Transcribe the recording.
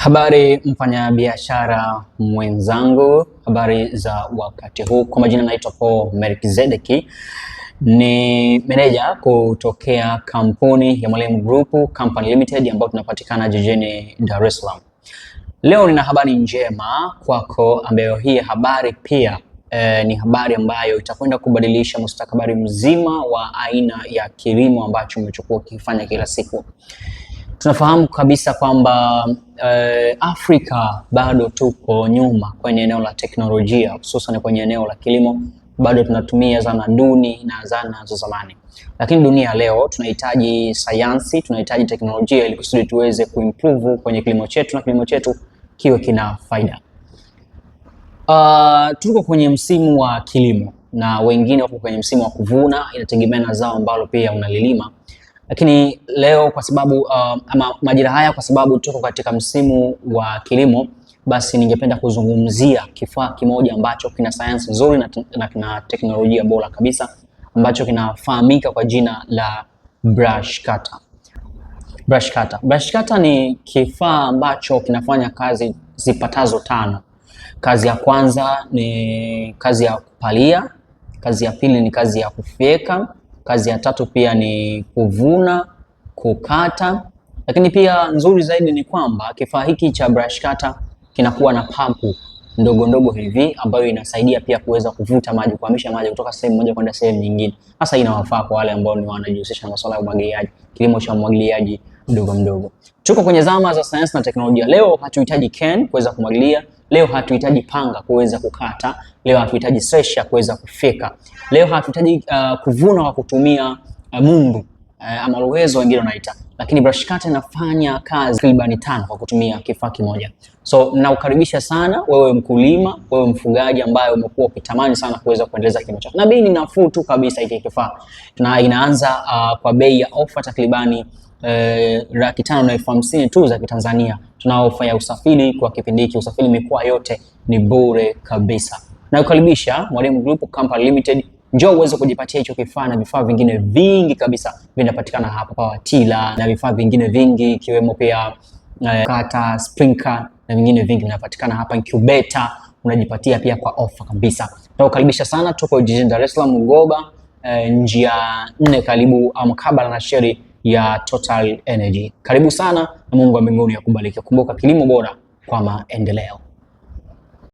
Habari mfanyabiashara mwenzangu, habari za wakati huu. Kwa majina naitwa Paul Melkizedeki, ni meneja kutokea kampuni ya Mwalimu Group Company Limited ambayo tunapatikana jijini Dar es Salaam. Leo nina habari njema kwako, ambayo hii habari pia e, ni habari ambayo itakwenda kubadilisha mustakabali mzima wa aina ya kilimo ambacho umechukua ukifanya kila siku. Tunafahamu kabisa kwamba eh, Afrika bado tuko nyuma kwenye eneo la teknolojia, hususan kwenye eneo la kilimo. Bado tunatumia zana duni na zana za zamani, lakini dunia leo tunahitaji sayansi, tunahitaji teknolojia ili kusudi tuweze kuimprove kwenye kilimo chetu na kilimo chetu kiwe kina faida. Uh, tuko kwenye msimu wa kilimo na wengine wako kwenye msimu wa kuvuna, inategemea na zao ambalo pia unalilima lakini leo kwa sababu uh, ama majira haya kwa sababu tuko katika msimu wa kilimo, basi ningependa kuzungumzia kifaa kimoja ambacho kina sayansi nzuri na, na kina teknolojia bora kabisa ambacho kinafahamika kwa jina la brush cutter. Brush cutter. Brush cutter ni kifaa ambacho kinafanya kazi zipatazo tano. Kazi ya kwanza ni kazi ya kupalia, kazi ya pili ni kazi ya kufyeka, Kazi ya tatu pia ni kuvuna, kukata, lakini pia nzuri zaidi ni kwamba kifaa hiki cha brush cutter kinakuwa na pampu ndogo ndogo hivi ambayo inasaidia pia kuweza kuvuta maji, kuhamisha maji kutoka sehemu moja kwenda sehemu nyingine. Hasa inawafaa kwa wale ambao ni wanajihusisha na masuala ya umwagiliaji, kilimo cha umwagiliaji mdogo mdogo. Tuko kwenye zama za sayansi na teknolojia. Leo hatuhitaji Ken kuweza kumwagilia, Leo hatuhitaji panga kuweza kukata, leo hatuhitaji sresha kuweza kufika leo hatuhitaji uh, kuvuna kwa kutumia uh, mundu uh, ama ruwezo wengine wanaita, lakini brush cutter inafanya kazi takribani tano kwa kutumia kifaa kimoja. So naukaribisha sana wewe mkulima, wewe mfugaji ambaye umekuwa ukitamani sana kuweza kuendeleza kilimo chako, na bei ni nafuu tu kabisa. Hiki kifaa na inaanza uh, kwa bei ya ofa takribani eh, laki tano na elfu hamsini tu za Kitanzania. Tunaofanya usafiri kwa kipindi hiki, usafiri mikoa yote ni bure kabisa. Nakukaribisha Mwalimu Group Company Limited, njoo uweze kujipatia hicho kifaa na vifaa vingine vingi kabisa vinapatikana hapa, kwa Tila na vifaa vingine vingi ikiwemo pia eh, kata sprinkler na vingine vingi vinapatikana hapa, incubator unajipatia pia kwa ofa kabisa. Nakukaribisha sana, tuko jijini Dar es Salaam Goba, eh, njia nne karibu mkabala na sheri ya Total Energy. Karibu sana na Mungu wa mbinguni akubariki. Kumbuka kilimo bora kwa maendeleo.